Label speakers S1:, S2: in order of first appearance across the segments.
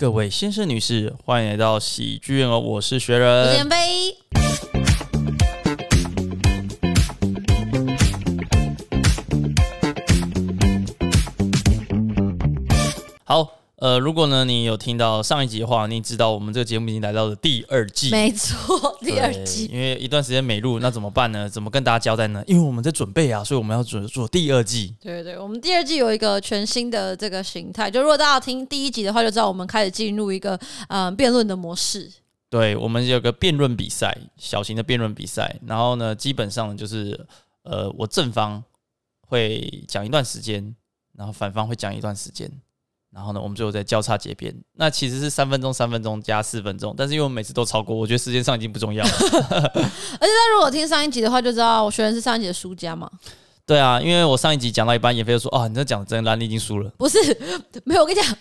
S1: 各位先生、女士，歡迎來到喜劇院哦！我是學仁。好。呃，如果呢，你有聽到上一集的話，你知道我們這個節目已經來到了第二季。沒
S2: 錯，第二季。
S1: 因為一段時間沒錄，那怎麼辦呢？怎麼跟大家交代呢？因為我們在準備啊，所以我們要準備做第二季。
S2: 對對對，我們第二季有一個全新的這個形態。就如果大家聽第一集的話，就知道我們開始進入一個呃辯論的模式。
S1: 對，我們有個辯論比賽，小型的辯論比賽。然後呢，基本上就是呃，我正方會講一段時間，然後反方會講一段時間。然後呢，我們最後再交叉結辯，那其實是三分鐘、三分鐘加四分鐘，但是因為我每次都超過，我覺得時間上已經不重要了。
S2: 而且他如果聽上一集的話，就知道我學仁是上一集的輸家嘛。
S1: 對啊，因為我上一集講到一半，妍霏就說：“哦，你這講的真爛，你已經輸了。”
S2: 不是，沒有，我跟你講，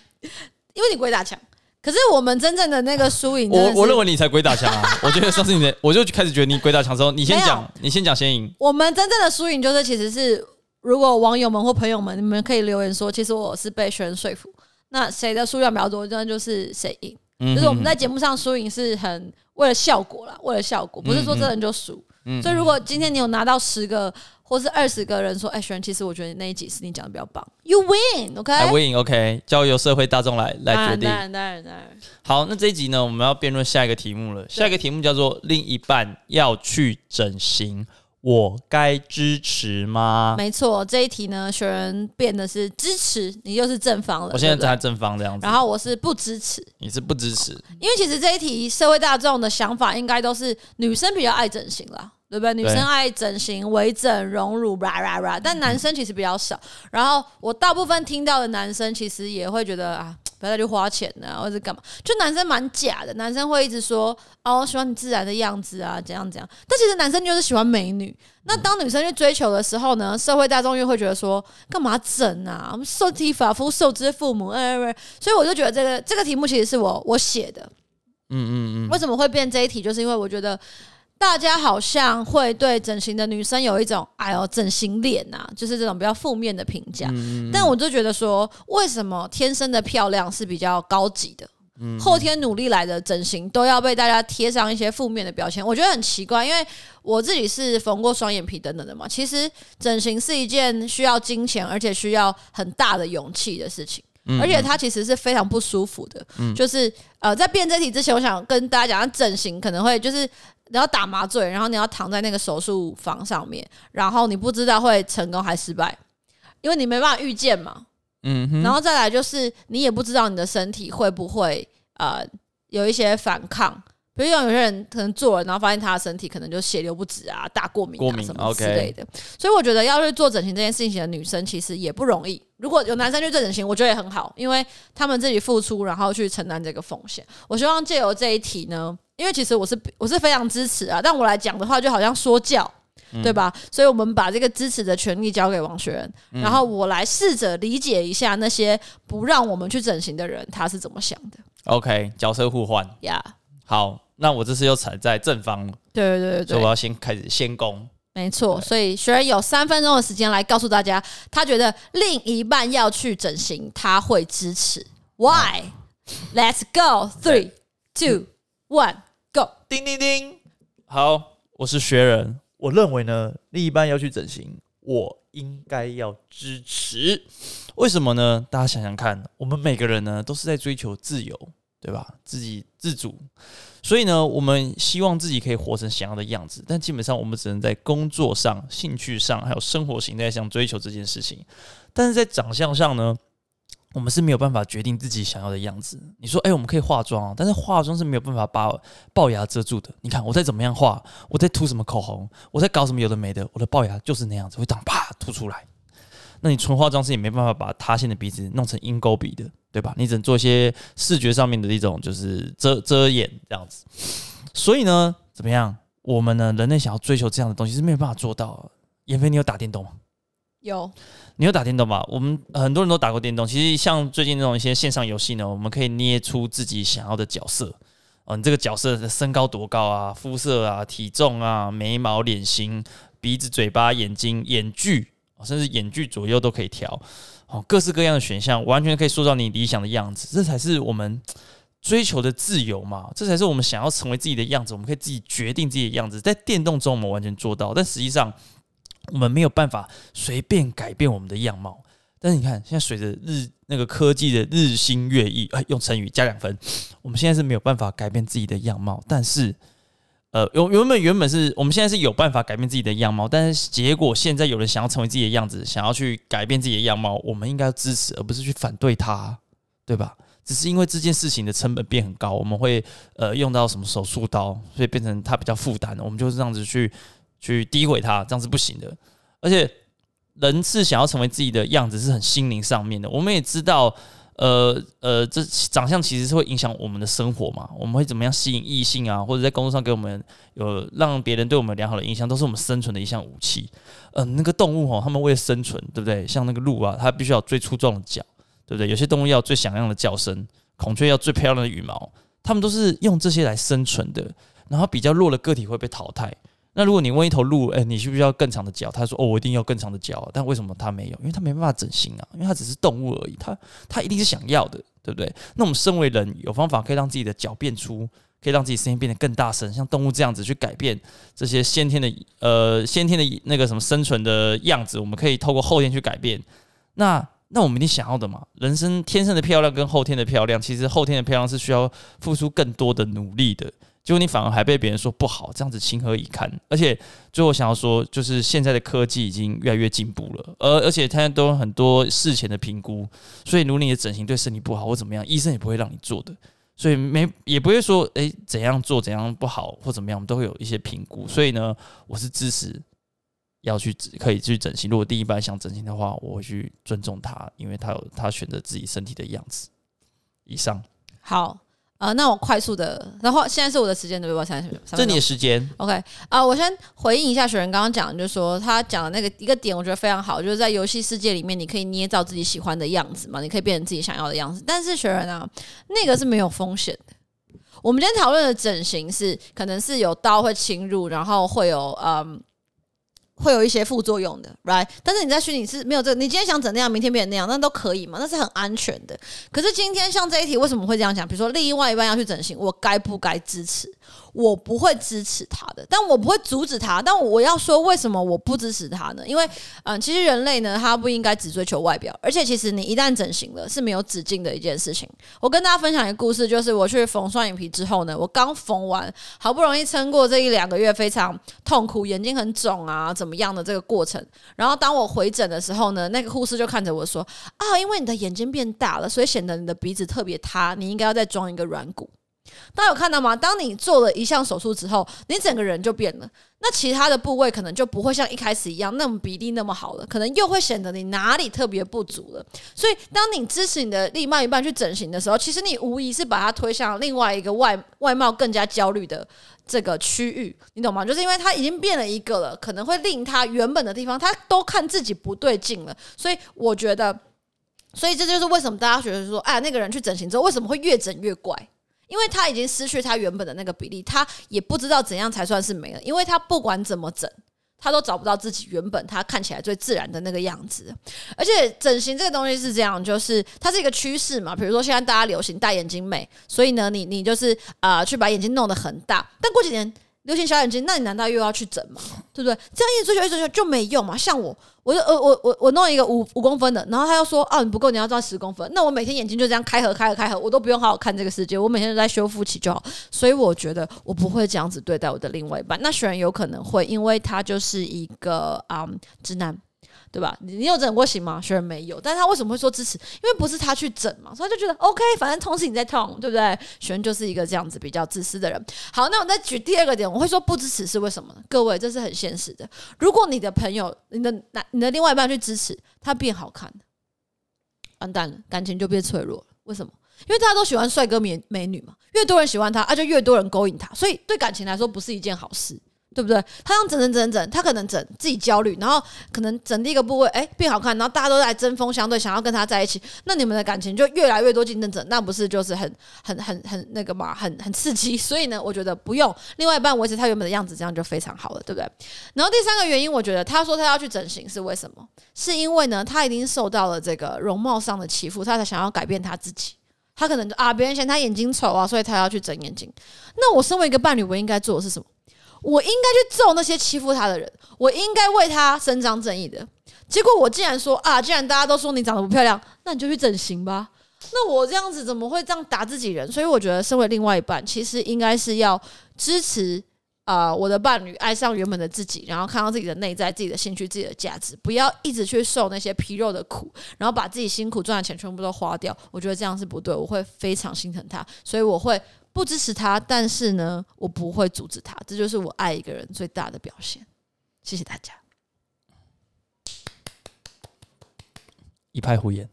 S2: 因為你鬼打牆。可是我們真正的那個輸贏， 我我認
S1: 為你才鬼打牆、啊。我覺得上次你的，我就開始覺得你鬼打牆的時候，你先講，有你先講先贏。
S2: 我們真正的輸贏就是其實是。如果網友們或朋友們，你們可以留言說，其實我是被學仁說服。那誰的數量比較多，那就是誰贏。嗯、哼哼，就是我們在節目上輸贏是很為了效果啦，為了效果，嗯、哼不是說真的就輸。嗯、哼所以如果今天你有拿到十個或是二十個人說，哎、欸，學仁，其實我覺得那一集是你講的比較棒。You win，OK。I
S1: win，OK。交由社會大眾來來決定。當
S2: 然，當然。
S1: 當然當然，好，那這一集呢，我們要辯論下一個題目了。對下一個題目叫做“另一半要去整形”。我該支持嗎？沒
S2: 錯，這一題呢，學仁變的是支持，你就是正方了。我現在正在
S1: 正方這樣子，然
S2: 後我是不支持，
S1: 你是不支持，
S2: 因為其實這一題社會大眾的想法應該都是女生比較愛整形啦，對不對？女生愛整形、對微整、隆乳，啦啦啦。但男生其實比較少，嗯、然後我大部分聽到的男生其實也會覺得啊，不要再去花錢啊，或者是幹嘛？就男生蠻假的，男生會一直說：“哦，我喜歡你自然的樣子啊，怎樣怎樣。”但其實男生就是喜歡美女。嗯、那當女生去追求的時候呢，社會大眾又會覺得說：“幹嘛整啊？我們受體髮膚、受之父母。”欸欸欸，所以我就覺得這個這個題目其實是我我寫的。嗯嗯嗯。為什麼會變這一題？就是因為我覺得。大家好像會對整形的女生有一種“哎呦，整形臉”吶，就是這種比較負面的評價。但我就覺得說，為什麼天生的漂亮是比較高級的，後天努力來的整形都要被大家貼上一些負面的標籤？我覺得很奇怪，因為我自己是縫過雙眼皮等等的嘛。其實整形是一件需要金錢，而且需要很大的勇氣的事情，而且它其實是非常不舒服的。就是呃，在辯這題之前，我想跟大家講，整形可能會就是。你要打麻醉，然後你要躺在那個手術房上面，然後你不知道會成功還失敗，因為你沒辦法預見嘛。嗯哼。然後再來就是你也不知道你的身體會不會呃有一些反抗。所以，有些人可能做了，然後發現他的身體可能就血流不止啊，大過敏啊什麼之類的。所以，我覺得要去做整形這件事情的女生其實也不容易。如果有男生去做整形，我覺得也很好，因為他們自己付出，然後去承擔這個風險。我希望借由這一題呢，因為其實我是我是非常支持啊，但我來講的話，就好像說教，對吧？所以我們把這個支持的權利交給王學仁，然後我來試着理解一下那些不讓我們去整形的人他是怎麼想的。
S1: 嗯、OK，角色互換，Yeah。好，那我這次又踩在正方，對
S2: 對對，對，所以我要
S1: 先開始先攻。
S2: 沒錯，對所以學仁有三分鐘的時間來告訴大家，他覺得另一半要去整形，他會支持。Why? 好 Let's go three, two, one, go！叮叮叮，
S1: 好，我是學仁，我認為呢，另一半要去整形，我應該要支持。為什麼呢？大家想想看，我們每個人呢，都是在追求自由。對吧？自己自主，所以呢，我們希望自己可以活成想要的樣子，但基本上我們只能在工作上、興趣上，還有生活形態上追求這件事情，但是在長相上呢，我們是沒有辦法決定自己想要的樣子。你說，哎、欸，我們可以化妝、啊，但是化妝是沒有辦法把齙牙遮住的。你看，我再怎麼樣化，我在塗什麼口紅，我在搞什麼有的沒的，我的齙牙就是那樣子，會長啪凸出來。那你純化妝師也沒辦法把塌陷的鼻子弄成鷹鈎鼻的，對吧？你只能做一些視覺上面的一種，就是遮遮掩這樣子。所以呢，怎麼樣？我們呢，人類想要追求這樣的東西是沒有辦法做到的。妍霏，你有打電動嗎？有，你有打電動吧？我們很多人都打過電動。其實像最近那種一些線上遊戲呢，我們可以捏出自己想要的角色。嗯、呃，這個角色的身高多高啊？膚色啊？體重啊？眉毛、臉型、鼻子、嘴巴、眼睛、眼距。甚至眼距左右都可以調，好，各式各樣的選項完全可以塑造你理想的樣子。這才是我們追求的自由嘛？這才是我們想要成為自己的樣子。我們可以自己決定自己的樣子，在電動中我們完全做到，但實際上我們沒有辦法隨便改變我們的樣貌。但是你看，現在隨着日那個科技的日新月異，哎，用成語加兩分，我們現在是沒有辦法改變自己的樣貌，但是。呃，原原本原本是我們現在是有辦法改變自己的樣貌，但是結果現在有人想要成為自己的樣子，想要去改變自己的樣貌，我們應該支持，而不是去反對他，對吧？只是因為這件事情的成本變很高，我們會呃用到什麼手術刀，所以變成它比較負擔，我們就是這樣子去去詆毀它，這樣是不行的。而且人是想要成為自己的樣子，是很心靈上面的，我們也知道。呃呃，這長相其實是會影響我們的生活嘛？我們會怎麼樣吸引異性啊？或者在工作上給我們有讓別人對我們良好的印象，都是我們生存的一項武器。嗯、呃，那個動物吼、哦，它們為了生存，對不對？像那個鹿啊，它必須要最粗壯的角，對不對？有些動物要最響亮的叫聲，孔雀要最漂亮的羽毛，它們都是用這些來生存的。然後比較弱的個體會被淘汰。那如果你問一頭鹿，誒、欸，你需不需要更長的腳？他說，哦，我一定要更長的腳、啊，但為什麼它沒有？因為它沒辦法整形啊，因為它只是動物而已。它它一定是想要的，對不對？那我們身為人，有方法可以讓自己的腳變粗，可以讓自己聲音變得更大聲，像動物這樣子去改變這些先天的呃先天的那個什麼生存的樣子，我們可以透過後天去改變。那那我們一定想要的嘛？人生天生的漂亮跟後天的漂亮，其實後天的漂亮是需要付出更多的努力的。就你反而還被別人說不好，這樣子情何以堪？而且最後想要說，就是現在的科技已經越來越進步了，而而且他都有很多事前的評估，所以如果你的整形對身體不好或怎麼樣，醫生也不會讓你做的，所以沒也不會說哎、欸、怎樣做怎樣不好或怎麼樣，都會有一些評估。所以呢，我是支持要去可以去整形。如果另一半想整形的話，我會去尊重他，因為他有他選擇自己身體的樣子。以上
S2: 好。啊、呃，那我快速的，然後現在是我的時間，對不對？現在這你的時間，OK 啊、呃，我先回應一下學仁剛剛講，就是說他講的那個一個點，我覺得非常好，就是在遊戲世界裡面，你可以捏造自己喜歡的樣子嘛，你可以變成自己想要的樣子。但是學仁啊，那個是沒有風險的。我們今天討論的整形是，可能是有刀會侵入，然後會有嗯。會有一些副作用的，right？但是你在虛擬是沒有這個，你今天想整那樣，明天變成那樣，那都可以嘛，那是很安全的。可是今天像這一題為什麼會這樣講？比如說，另外一半要去整形，我該不該支持？我不會支持他的，但我不會阻止他。但我要說，為什麼我不支持他呢？因為，嗯，其實人類呢，他不應該只追求外表。而且，其實你一旦整形了，是沒有止境的一件事情。我跟大家分享一個故事，就是我去縫雙眼皮之後呢，我剛縫完，好不容易撐過這一兩個月非常痛苦、眼睛很腫啊怎麼樣的這個過程。然後當我回診的時候呢，那個護士就看着我說：“啊，因為你的眼睛變大了，所以顯得你的鼻子特別塌，你應該要再裝一個軟骨。”大家有看到嗎？當你做了一項手術之後，你整個人就變了。那其他的部位可能就不會像一開始一樣那麼比例那麼好了，可能又會顯得你哪裡特別不足了。所以，當你支持你的另外一半去整形的時候，其實你無疑是把它推向另外一個外外貌更加焦慮的這個區域，你懂嗎？就是因為它已經變了一個了，可能會令他原本的地方他都看自己不對勁了。所以，我覺得，所以這就是為什麼大家覺得說，啊、哎，那個人去整形之後，為什麼會越整越怪？因為他已經失去他原本的那個比例，他也不知道怎樣才算是美了。因為他不管怎麼整，他都找不到自己原本他看起來最自然的那個樣子。而且整形這個東西是這樣，就是它是一個趨勢嘛。比如說現在大家流行大眼睛美，所以呢，你你就是啊、呃、去把眼睛弄得很大。但過幾年，流行小眼睛，那你難道又要去整嗎？對不對？這樣一直追求，一直追求就沒用嘛。像我，我就呃，我我我弄一個五五公分的，然後他又說啊，你不夠，你要照十公分。那我每天眼睛就這樣開合開合開合，我都不用好好看這個世界，我每天都在修復期就好。所以我覺得我不會這樣子對待我的另外一半。那雖然有可能會，因為他就是一個啊直男。呃對吧？你你有整過型嗎？學仁沒有，但是他為什麼會說支持？因為不是他去整嘛，所以就覺得 OK，反正同時你在痛，對不對？學仁就是一個這樣子比較自私的人。好，那我再舉第二個點，我會說不支持是為什麼？各位，這是很現實的。如果你的朋友、你的男、你的另外一半去支持，他變好看了，完蛋了，感情就變脆弱了。為什麼？因為大家都喜歡帥哥美美女嘛，越多人喜歡他啊，就越多人勾引他，所以對感情來說不是一件好事。對不對？他想整整整整，他可能整自己焦慮，然後可能整第一個部位，哎，變好看，然後大家都在針鋒相對，想要跟他在一起，那你們的感情就越來越多競爭者，那不是就是很很很很那個嘛，很很刺激。所以呢，我覺得不用另外一半維持他原本的樣子，這樣就非常好了，對不對？然後第三個原因，我覺得他說他要去整形是為什麼？是因為呢，他已經受到了這個容貌上的欺負，他才想要改變他自己。他可能啊，別人嫌他眼睛醜啊，所以他要去整眼睛。那我身為一個伴侶，我應該做的是什麼？我應該去揍那些欺負他的人，我應該為他伸張正義的。結果我竟然說啊，既然大家都說你長得不漂亮，那你就去整形吧。那我這樣子怎麼會這樣打自己人？所以我覺得，身為另外一半，其實應該是要支持啊、呃，我的伴侶愛上原本的自己，然後看到自己的內在、自己的興趣、自己的價值，不要一直去受那些皮肉的苦，然後把自己辛苦賺的錢全部都花掉。我覺得這樣是不對，我會非常心疼他，所以我會。不支持他，但是呢，我不會阻止他，這就是我愛一個人最大的表現。謝謝大家。
S1: 一派胡言。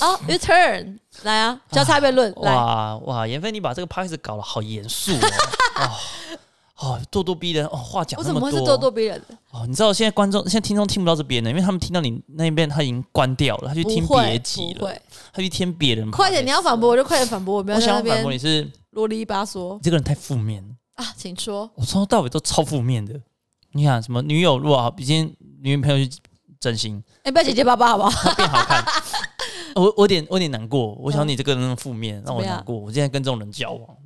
S2: 好 return，來啊，交叉辯論。哇
S1: 哇，妍霏，你把這個拍子搞得好嚴肅哦。 哦哦，咄咄逼人哦，話講這麼多，我怎麼
S2: 會是咄咄
S1: 逼人哦？你知道現在觀眾、現在聽眾聽不到這邊的，因為他們聽到你那邊他已經關掉了，他去聽別集了，他去聽別人。快
S2: 點，你要反駁我就快點反駁。我不要。我想反駁你是囉里吧嗦，你這個人太負面啊！請說，
S1: 我從頭到尾都超負面的。你看什麼女友，如果今天女朋友去整形，
S2: 哎，不要結結巴巴好不好？
S1: 她變好看，我我有點，我有點難過。我想你這個人那麼負面，讓我難過。我現在跟這種人交往，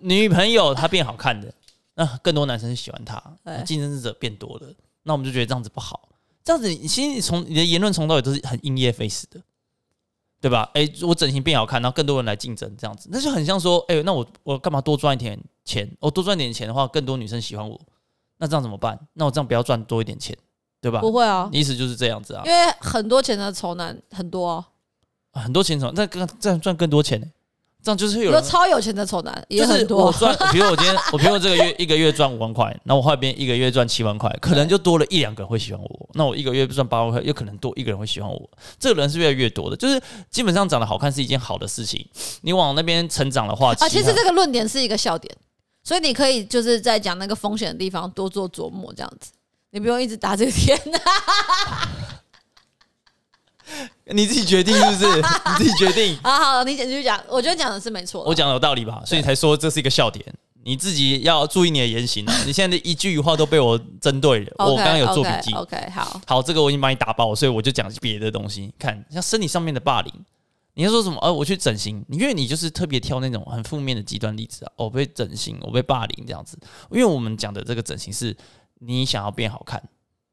S1: 女朋友她變好看的。那、啊、更多男生是喜歡他，對競爭者變多了，那我們就覺得這樣子不好。這樣子你，你其實從你的言論從頭到尾都是很因噎廢食的，對吧？哎，我整形變好看，然後更多人來競爭，這樣子，那就很像說，哎，那我我幹嘛多賺一點錢？我、哦、多賺一點錢的話，更多女生喜歡我，那這樣怎麼辦？那我這樣不要賺多一點錢，對吧？不會啊，你意思就是這樣子啊？因為
S2: 很多錢的醜男很多、
S1: 哦、啊，很多錢從那更這樣賺更多錢、欸
S2: 這樣就是有人超有錢的醜男也很多。我賺，
S1: 比如我今天，我比如這個月一個月賺五萬塊，那我後邊一個月賺七萬塊，可能就多了一兩個人會喜歡我。那我一個月賺八萬塊，又可能多一個人會喜歡我。這個人是越來越多的，就是基本上長得好看是一件好的事情。你往那邊成長的話，啊，其實這個
S2: 論點是一個笑點，所以你可以就是在講那個風險的地方多做琢磨，這樣子，你不用一直打這個點、啊。
S1: 你自己決定是不是？ 你自己決定
S2: 好好，你繼續講。我覺得講的是沒錯，我
S1: 講的有道理吧？對所以才說這是一個笑點。你自己要注意你的言行、啊、 你現在的一句話都被我針對了。Okay, 我剛剛有做筆記。Okay, okay, OK，好好，這個我已經把你打包，所以我就講別的東西。看，像身體上面的霸凌，你要說什麼？呃、啊，我去整形。因為你就是特別挑那種很負面的極端例子啊、哦。我被整形，我被霸凌這樣子。因為我們講的這個整形是你想要變好看。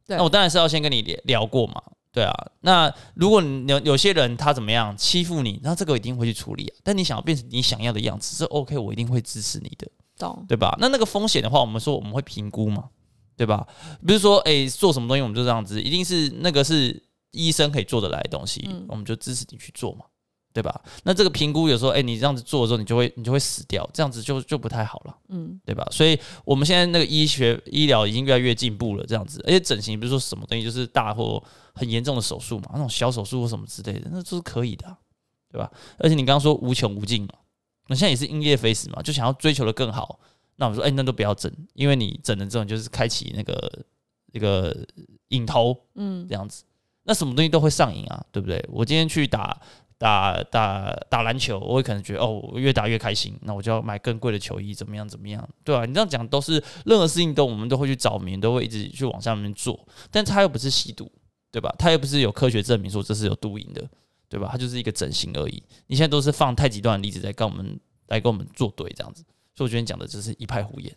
S1: 對那我當然是要先跟你聊過嘛。對啊，那如果有有些人他怎麼樣欺負你，那這個我一定會去處理啊。但你想要變成你想要的樣子是 OK，我一定會支持你的，懂對吧？那那個風險的話，我們說我們會評估嘛，對吧？比如說，哎、欸，做什麼東西，我們就這樣子，一定是那個是醫生可以做得來的東西，嗯、我們就支持你去做嘛。對吧？那這個評估有時候，哎、欸，你這樣子做的時候，你就會你就會死掉，這樣子就就不太好了，嗯，對吧？所以我們現在那個醫學醫療已經越來越進步了，這樣子，而且整形比如說什麼東西，就是大或很嚴重的手術嘛，那種小手術或什麼之類的，那都是可以的、啊，對吧？而且你剛剛說無窮無盡嘛，那現在也是因噎廢食嘛，就想要追求的更好，那我們說，哎、欸，那都不要整，因為你整了之後你就是開啟那個那個癮頭，嗯，這樣子，嗯、那什麼東西都會上癮啊，對不對？我今天去打。打打打籃球，我會可能覺得哦，越打越開心，那我就要買更貴的球衣，怎麼樣怎麼樣，對啊？你這樣講都是任何事情都我們都會去找名，都會一直去往上面做，但他又不是吸毒，對吧？他又不是有科學證明說這是有毒癮的，對吧？他就是一個整形而已。你現在都是放太極端的例子在跟我們來跟我們作對這樣子，所以我覺得講的這是一派胡言。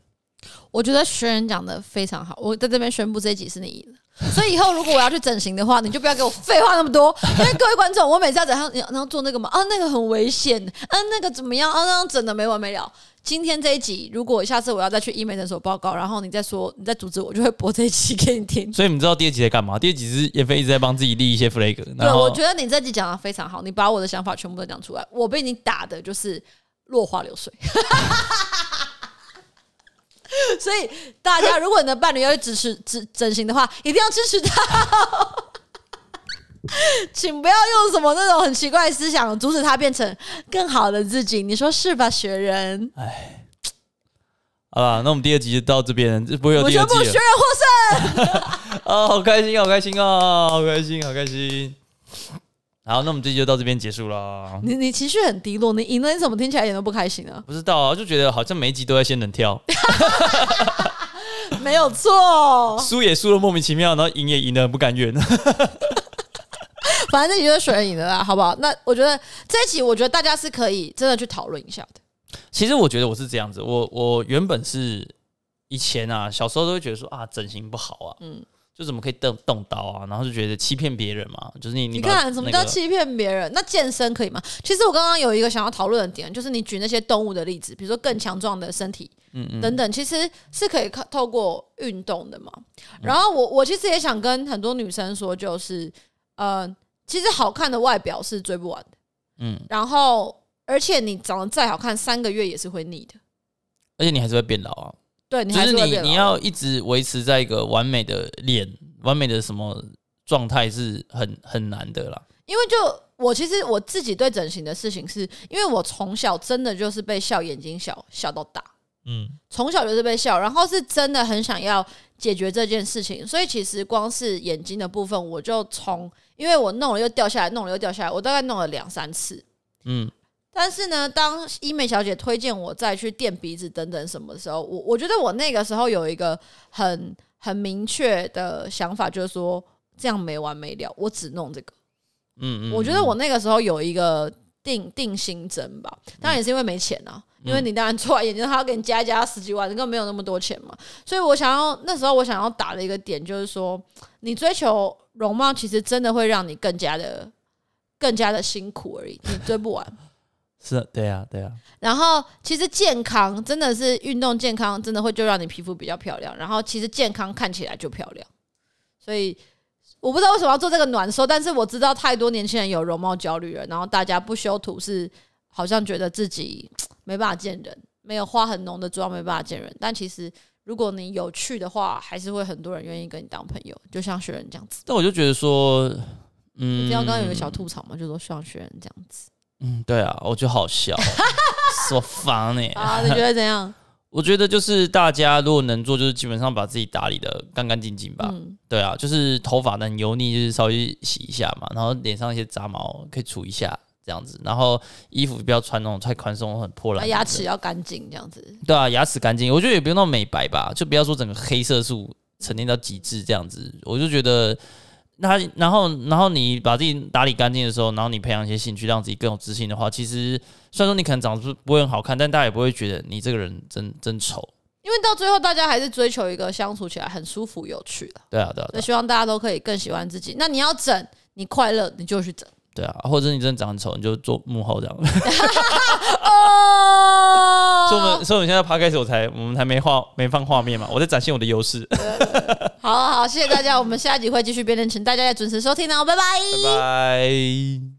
S2: 我覺得學仁講的非常好，我在這邊宣布這集是你贏了。所以以後如果我要去整形的話，你就不要給我廢話那麼多。因為各位觀眾，我每次要整上然後做那個嘛，啊那個很危險，啊那個怎麼樣，啊那樣、個、整的沒完沒了。今天這一集，如果下次我要再去醫美診所報告，然後你再說你再阻止，我就會播這一集給你聽。
S1: 所以你知道第二集在幹嘛？第二集是妍霏一直在幫自己立一些 flag 的。對後，我覺得
S2: 你這集講的非常好，你把我的想法全部都講出來，我被你打的就是落花流水。 所以，大家，如果你的伴侶要去支持、 整整形的話，一定要支持他、哦， 請不要用什麼那種很奇怪的思想阻止他變成更好的自己，你說是吧？學仁，
S1: 哎，好了，那我們第二集就到這邊，不會有第二集了，我宣布學仁獲勝、 哦，好開心，好開心哦！好開心，好開心。好，那我們這集就到這邊結束了。你
S2: 你情緒很低落，你贏了，你怎麼聽起來一點都不開心啊？
S1: 不知道啊，就覺得好像每一集都在先能跳。
S2: 沒有錯，
S1: 輸也輸了莫名其妙，然後贏也贏得不甘願。
S2: 反正這集就是選贏了啦，好不好？那我覺得這一集，我覺得大家是可以真的去討論一下的。
S1: 其實我覺得我是這樣子，我我原本是以前啊，小時候都會覺得說啊，整形不好啊，嗯。就怎麼可以動動刀啊？然後就覺得欺騙別人嘛，就是你你，你看什麼叫欺
S2: 騙別人？那健身可以嗎？其實我剛剛有一個想要討論的點，就是你舉那些動物的例子，比如說更強壯的身體，嗯、等等，嗯嗯，其實是可以透過運動的嘛。嗯、然後我我其實也想跟很多女生說，就是嗯、呃，其實好看的外表是追不完的，嗯，然後而且你長得再好看，三個月也是會膩的，
S1: 而且你還是會變老啊。就是，是你，你要一直維持在一個完美的臉、完美的什麼狀態是很很難的啦。
S2: 因為就我其實我自己對整形的事情是，是因為我從小真的就是被笑眼睛小，笑到大，嗯，從小就是被笑，然後是真的很想要解決這件事情，所以其實光是眼睛的部分，我就從因為我弄了又掉下來，弄了又掉下來，我大概弄了兩三次，嗯。但是呢，當醫美小姐推薦我再去墊鼻子等等什麼的時候，我我覺得我那個時候有一個很很明確的想法，就是說這樣沒完沒了，我只弄這個。嗯，
S1: 嗯嗯，我覺得我
S2: 那個時候有一個定定心針吧。當然也是因為沒錢啊，嗯，因為你當然做完眼睛，他要給你加加十幾萬，你根本沒有那麼多錢嘛。所以我想要那時候我想要打的一個點就是說，你追求容貌，其實真的會讓你更加的更加的辛苦而已，你追不完。
S1: 是對呀，對
S2: 呀、啊。對啊、然後其實健康真的是運動，健康真的會就讓你皮膚比較漂亮。然後其實健康看起來就漂亮，所以我不知道為什麼要做這個暖收，但是我知道太多年輕人有容貌焦慮了。然後大家不修圖是好像覺得自己沒辦法見人，沒有化很濃的妝沒辦法見人。但其實如果你有趣的話，還是會很多人願意跟你當朋友，就像學仁這樣子。
S1: 但我就覺得說，嗯，就像剛剛有一個小
S2: 吐槽嘛，就說像學仁這樣子。
S1: 嗯，對啊，我就好笑，好煩哎！啊，你覺得怎樣？我覺得就是大家如果能做，就是基本上把自己打理得干干淨淨吧。嗯，對啊，就是頭髮呢，油膩，就是稍微洗一下嘛，然後臉上一些雜毛可以除一下這樣子，然後衣服不要穿那種太寬鬆、很破爛、啊。牙齒
S2: 要乾淨，這樣子。
S1: 對啊，牙齒乾淨，我覺得也不用那麼美白吧，就不要說整個黑色素沉澱到極致這樣子，我就覺得。那然後然後你把自己打理乾淨的時候，然後你培養一些興趣，讓自己更有自信的話，其實雖然說你可能長得不會很好看，但大家也不會覺得你這個人真真醜。
S2: 因為到最後，大家還是追求一個相處起來很舒服、有趣的對。啊。對啊，對啊。那希望大家都可以更喜歡自己。那你要整，你快樂，你就去整。
S1: 對啊，或者你真的長得醜，你就做幕後這樣。 哦所以我們，所以我們現在趴開始，我才我們才沒畫沒放畫面嘛，我在展現我的優勢 、
S2: 呃。好，好，謝謝大家，我們下一集會繼續辯論，請大家也準時收聽哦，拜拜，拜
S1: 拜。